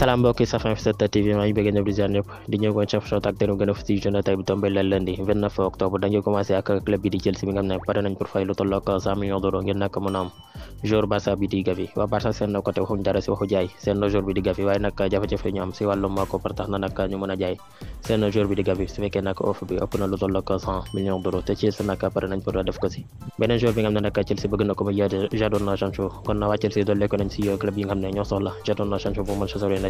salaam mbokki safin fi 7 TV maa ngi bëgg ñëpp di ziar ñëpp di ñëw kon chef shot ak tenu gën a fës ci journée tey bi tombé le lundi 29 octobre dañuy commencé ak club bi di Chelsea bi nga xam ne pare nañ pour fay lu tollook 100 millions d'euros ngir nag mën a am joueur Barça bi di Gavi waa Barça seen na côté waxuñ dara si waxu jaay seen joueur bi di Gavi waaye nag jafe-jafe ñu am si wàllum ko par tax na nag ñu mën a jaay seen joueur bi di Gavi su fekkee nag offre bi ëpp na lu tollook 100 millions d'euros te Chelsea nag pare nañ pour def ko si beneen joueur bi nga xam ne nag Chelsea bëgg na ko muy Jadon Sancho kon waa Chelsea doole ko nañ si club yi nga xam ne ñoo soxla Jadon Sancho bu Manchester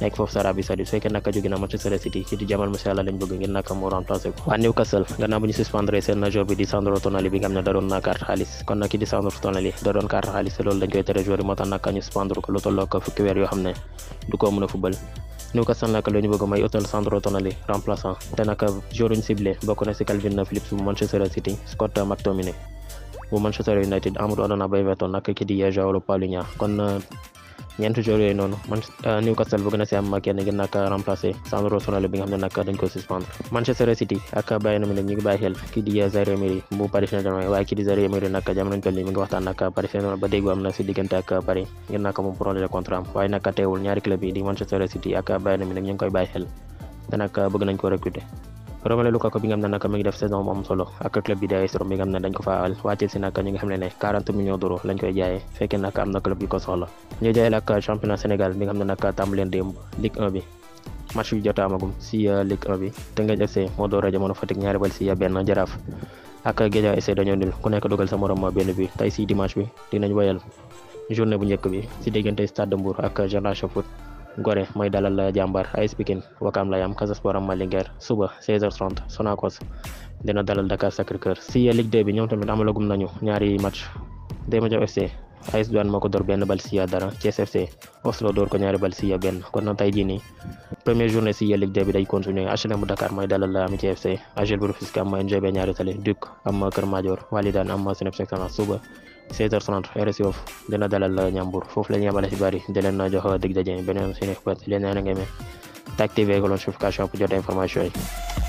nekk foofu sa Arabie Saoudite fekkee naka jóge na Manchester City ci di Jamal Musiala lañ bëgg ngir naka mu remplacé waa Newcastle gannaaw bu ñu suspendre seen joueur bi di Sandro Tonali bi nga xam ne da koy tere joueur yi moo tax naka ñu suspendre ko lu tolloo ko fukki weer yoo xam ne du ko mën a fubal Newcastle nag la bëgg may utal Sandro Tonali remplaçant te nag joueur ñu ciblé bokk na si Calvin Phillips bu Manchester City Scott ñeenti joueurs yooyu noonu man euh, Newcastle bëgg na si am kenn gi nag remplacé Sandro Tonali bi nga xam ne nag dañ ko suspendre Manchester City ak Bayern Munich ñu ngi bàyyi ñu toll nii ngi waxtaan ak Paris ba déggoo am na si diggante ak Paris ngir nag mu prolongé contrat am waaye nag teewul ñaari club yi di Manchester City ak Bayern Munich ñu ngi koy bàyyi xel te bëgg nañ ko recruter Romelu Lukaku bi nga xam ne nag mi ngi def saison bu am solo ak club bi di AS bi nga xam ne dañ ko faa wàccee si nag ñi nga xam ne ne 40 millions d'euros lañ koy jaayee bi nga xam ne nag bi match yu jot a si euh, moo door a jamono Fatick ñaari bal si euh, benn Jaraaf ak Guédiawaye FC dañoo nul ku nekk dugal sa morom euh, benn bi tey si dimanche bi dinañ wayal journée bu njëkk bi si diggante Stade de ak Génération Foot Gorée mooy dalal la jàmbaar AS Pikine Wakaam la yam Casa Sport am Linguère suba 16 h dalal Dakar Sacré-Cœur si Ligue 2 bi ñoom tamit amalagum nañu ñaari match Demba Diaw FC AS Douanes door benn bal si ya dara Thiès FC Oslo door ko ñaari bal si ya benn kon na tey jii nii première journée si Ligue 2 bi day continuer HLM Dakar mooy dalal la Amitié FC AJEL bu Rufisque am ma NGB ñaari tali Duc am ma Kër Madior Walidane am ma Snep Seksana suba 16h30 RS Yoff dina dalal foofu la ñuy yemale xibaar yi di leen jox dig daje beneen suñu xibaar di leen ñaan ngeen activer cloche jot information yi.